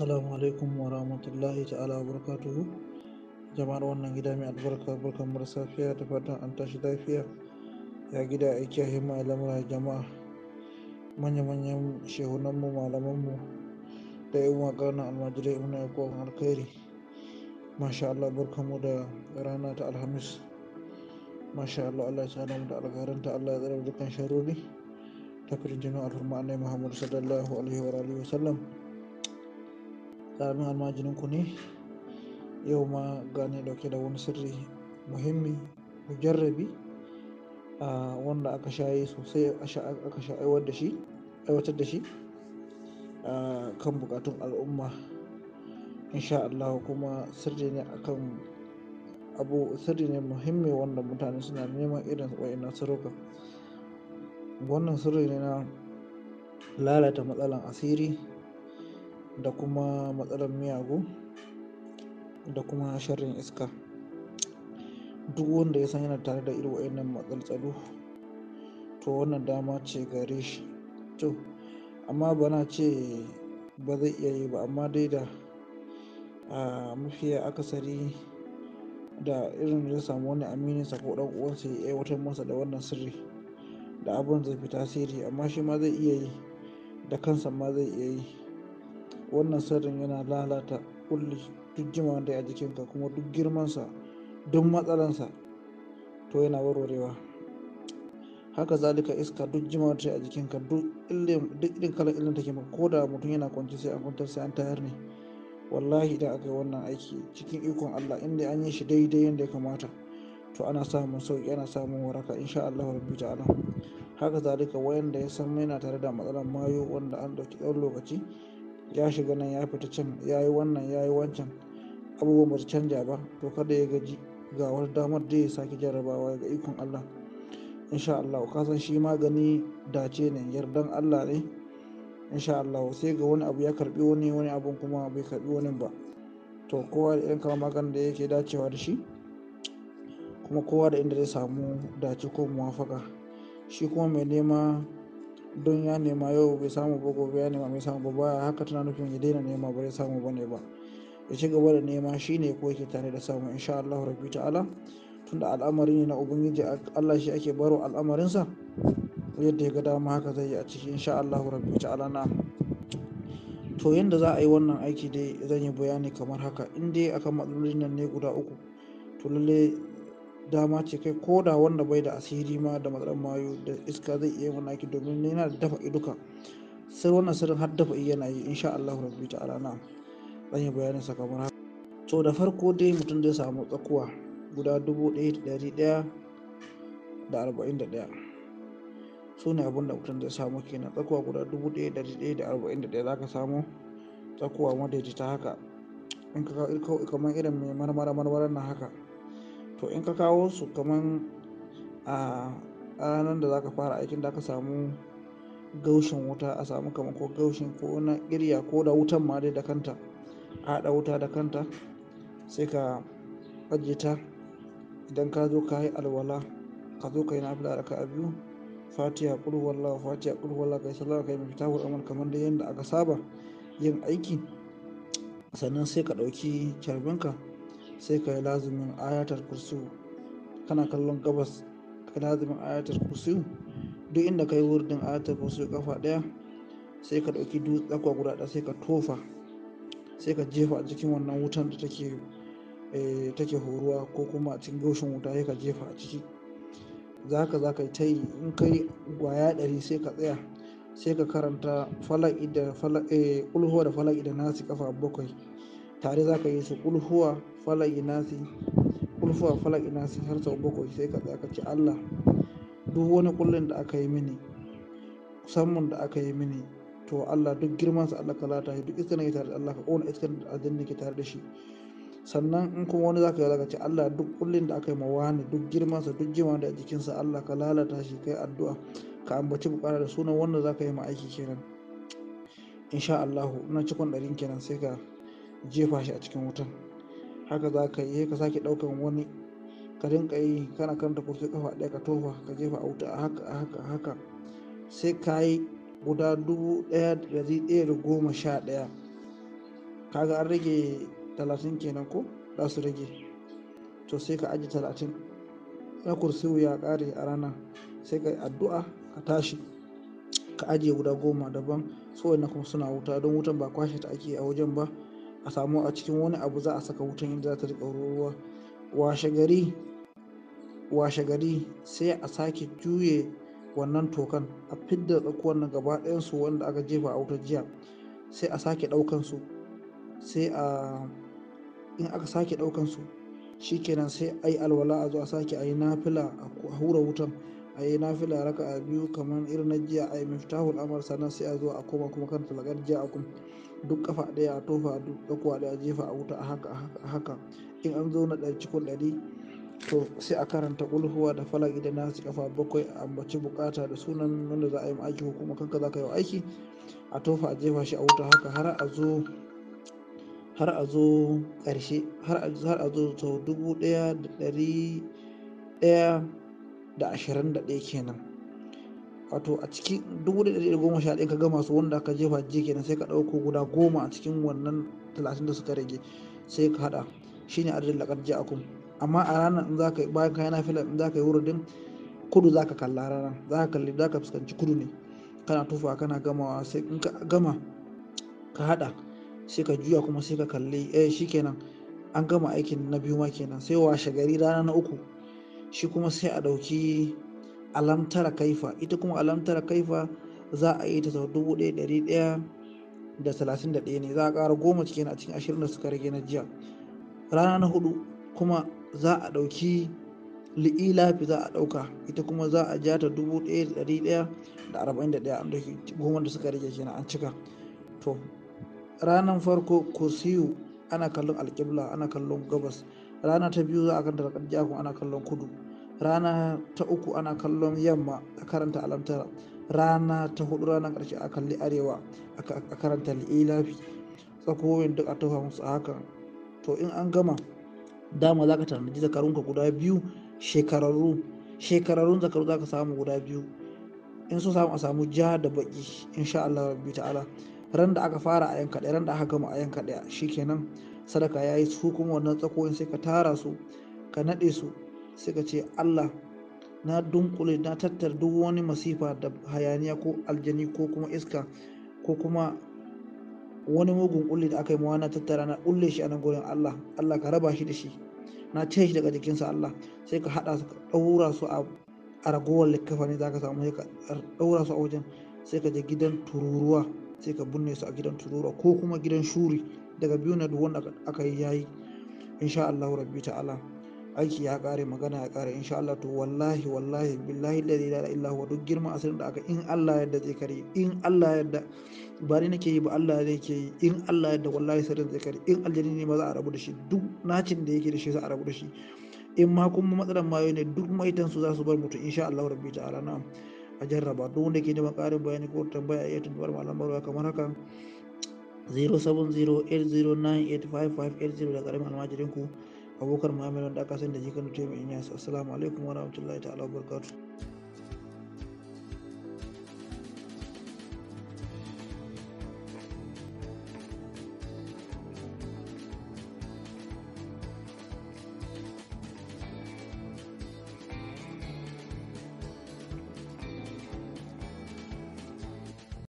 assalamu alaikum wa rahmatullahi ta'ala wa barakatuhu jama'ar wannan gida mai albarka barkan mara safiya ta fatan an tashi lafiya ya gida aiki himma lamura jama'a manya-manyan shehunanmu malamanmu da yan waƙa na almajirai muna yi kowane alkhairi masha Allah barkanmu da rana ta alhamis masha Allah Allah ya tsada da alkaranta Allah ya tsara dukkan sharori ta firjinu alhurma annai muhammadu sallallahu alaihi wa alihi wa sallam ɗamin ku ne yau ma gane dauke da wani sirri muhimmi jarrabi wanda aka shaye sosai aka sha aiwatar da shi kan bukatun al'umma insha Allah kuma sirri ne akan abu sirri ne muhimmi wanda mutane suna neman irin wa'ina sirruka wannan sirri ne na lalata matsalan asiri da kuma matsalar miyagu da kuma sharrin iska duk wanda ya san yana tare da irin wa'annan matsaltsalu to wannan dama ce gare shi to amma bana ce ba zai iya yi ba amma dai da a mafiya akasari da irin zai samu wani amininsa ko dan uwansa ya aiwatar masa da wannan sirri da abin zai fi tasiri amma shi ma zai iya yi da kansa ma zai iya yi wannan sirrin yana lalata kulli duk jimawan da a jikinka kuma duk girmansa duk matsalansa to yana warwarewa haka zalika iska duk jimawan da a jikinka duk irin kalar ilin take maka ko da mutum yana kwanci sai an kwantar sai an tayar ne wallahi da aka yi wannan aiki cikin ikon Allah inda an yi shi daidai yadda ya kamata to ana samun sauki ana samun waraka insha Allah rabbi ta'ala haka zalika wayanda ya san yana tare da matsalar mayo wanda an dauki tsawon lokaci ya shiga nan ya fita can ya yi wannan ya yi wancan abubuwan ba su canja ba to kada ya gaji ga wani damar da ya sake jarrabawa ga ikon Allah insha Allah ka san shi magani dace ne yardan Allah ne insha Allah sai ga wani abu ya karbi wani wani abun kuma bai karbi wani ba to kowa da irin kama maganin da yake dacewa da shi kuma kowa da inda zai samu dace ko muwafaka shi kuma mai nema don ya nema yau bai samu ba gobe ya nema mai samu ba baya haka tana nufin ya daina nema ba zai samu ba ne ba ya ci gaba da nema shi ne ko yake tare da samu insha Allah rabbi ta'ala tunda al'amari ne na ubangiji Allah shi ake baro al'amarinsa yadda ya ga dama haka zai yi a ciki insha Allah rabbi ta'ala na to yadda za a yi wannan aiki dai zan yi bayani kamar haka in dai akan matsalolin nan ne guda uku to lalle dama ce kai ko da wanda bai da asiri ma da matsalar mayu da iska zai iya yin aiki domin yana da dafa iduka sai wannan sirrin har dafa iya na yi insha Allah rabbi ta'ala na zan yi bayanin sa kamar haka to da farko dai mutum zai samu tsakuwa guda dubu ɗaya da ɗari ɗaya da arba'in da ɗaya su ne abin da mutum zai samu kenan tsakuwa guda dubu ɗaya da ɗari ɗaya da arba'in da ɗaya za ka samu tsakuwa madaidaita haka in ka kawo kamar irin mai marmara marmara na haka to in ka kawo su kaman a ranar da za ka fara aikin da ka samu gaushin wuta a samu kamar ko gaushin ko na irya ko da wutan ma dai da kanta a haɗa wuta da kanta sai ka ajiye ta idan ka zo ka yi alwala ka zo ka yi na fila da ka biyu fatiha kurwalla fatiha yi kai ka yi mafita wa amal kamar da yadda aka saba yin aiki sannan sai ka ɗauki kyarbinka sai ka yi lazumin ayatar kursu kana kallon gabas ka lazumin ayatar kursu duk inda ka yi wurdin ayatar kursu kafa ɗaya sai ka ɗauki tsakwa guda ɗaya sai ka tofa sai ka jefa a cikin wannan wutan da eh, take horuwa ko kuma a cikin goshin wuta sai ka jefa a ciki za ka za ka yi ta yi in kai gwaya ɗari sai ka tsaya sai ka karanta falaki da falaki eh, da nasi kafa bakwai tare za ka yi su kulhuwa falaki nasi kulhuwa falaki nasi har sau bakwai sai ka tsaya ka ci Allah duk wani kullun da aka yi mini musamman da aka yi mini to Allah duk girman sa Allah ka lata duk iska ne tare da Allah ka kona iska da aljanna ke tare da shi sannan in kuma wani zaka yi zaka ci Allah duk kullun da aka yi mawa wani duk girman sa duk jima da jikin sa Allah ka lalata shi kai addu'a ka ambaci bukara da sunan wanda zaka yi ma aiki kenan insha Allah ina cikon ɗarin kenan sai ka jefa shi a cikin wutan haka za ka yi ka sake ɗaukan wani ka rinka yi kana karanta kurfi kafa ɗaya ka tofa ka jefa a wuta a haka a haka haka sai ka yi guda dubu ɗaya da ɗaya da goma sha ɗaya ga an rage talatin kenan ko za su rage to sai ka aji talatin na kursi ya kare a rana sai ka yi addu'a ka tashi ka ajiye guda goma daban so na kuma suna wuta don wutan ba kwashe ta ake a wajen ba a samu a cikin wani abu za a saka wutan yadda za ta riƙa ruwa washe gari sai a sake juye wannan tokan a fidda tsakuwar na gaba ɗayansu wanda aka jefa a wutar jiya sai a sake ɗaukan su sai a in aka sake ɗaukansu su shikenan sai a yi alwala a zo a sake a yi nafila a hura wutan a yi nafila raka a biyu kamar irin na jiya a yi miftahul amar sannan sai a zo a koma kuma kan talagar jiya a kun duk kafa ɗaya a tofa duk ɗakuwa ɗaya a jefa a wuta a haka a haka in an zo na ɗari cikin ɗari to sai a karanta ulhuwa da falak idan na su kafa bakwai a ambaci bukata da sunan wanda za a yi aiki ko kuma kanka za ka yi aiki a tofa a jefa shi a wuta haka har a zo har a zo ƙarshe har a zo sau dubu ɗaya da ɗari ɗaya da ashirin da ɗaya kenan wato a cikin dubu da ɗaya goma sha ɗaya ka gama su wanda ka jefa jiya kenan sai ka ɗauko guda goma a cikin wannan talatin da suka rage sai ka haɗa Shi ne adadin laƙar ja'akum amma a ranar in yi. bayan kayan nafila in ka yi wuridin kudu za ka kalla ranar ka kalli za ka fuskanci kudu ne kana tufa kana gamawa sai in ka gama ka haɗa sai ka juya kuma sai ka kalli eh kenan an gama aikin na biyu ma kenan sai washe gari rana na uku shi kuma sai a ɗauki alamtara kaifa ita kuma alamtara kaifa za a yi ta sau dubu ɗaya ɗari ɗaya da talatin da ɗaya ne za a ƙara goma cikin a cikin ashirin da suka rage na jiya rana na hudu kuma za a ɗauki li'ilafi za a ɗauka ita kuma za a ja ta dubu ɗaya da ɗari ɗaya da arba'in da ɗaya an ɗauki goma da suka rage kenan an cika to ranan farko kursiyu ana kallon alƙibla ana kallon gabas rana ta biyu za a karanta alƙarjafin ana kallon kudu rana ta uku ana kallon yamma a karanta alamtara rana ta hudu ranar karshe a kalli arewa a karanta li'ilafi tsakowin duk a tafa musu a hakan to in an gama dama za ka tanadi zakarunka guda biyu shekararru shekararrun zakaru za ka samu guda biyu in so samu a samu ja da baki insha Allah rabbi ta'ala ran da aka fara a yanka ɗaya ran da aka gama a yanka ɗaya shikenan sadaka yayi su kuma wannan tsakoyin sai ka tara su ka nade su sai ka ce Allah na dunkule na tattar duk wani masifa da hayaniya ko aljani ko kuma iska ko kuma wani mugun kulli da aka yi mawa na tattara na kulle shi a nan gurin Allah Allah ka raba shi da shi na ce shi daga jikinsa Allah sai ka haɗa su ka ɗaura su a a ragowar likkafa za ka samu sai ka ɗaura su a wajen sai ka je gidan tururuwa sai ka binne su a gidan tururuwa ko kuma gidan shuri daga biyu na duk wanda aka yi yayi insha Allah rabbi ta'ala aiki ya kare magana ya kare insha Allah to wallahi wallahi billahi la ilaha illa huwa duk girman asirin da aka in Allah yadda zai kare in Allah yadda ba ni nake yi ba Allah zai ke yi in Allah yadda wallahi sirrin zai kare in aljini ne ma za a rabu da shi duk nacin da yake da shi za a rabu da shi in ma kuma matsalan mayo ne duk maitan su za su bar mutu insha Allah rabbi ta'ala na'am a jarraba duk wanda ke neman karin bayani ko tambaya iya tuntubar malam barwa kamar haka 0708098550 da karamin almajirinku abokar mu'amalar da aka sani da jikan mutum yasa assalamu alaikum warahmatullahi ta'ala wabarakatuh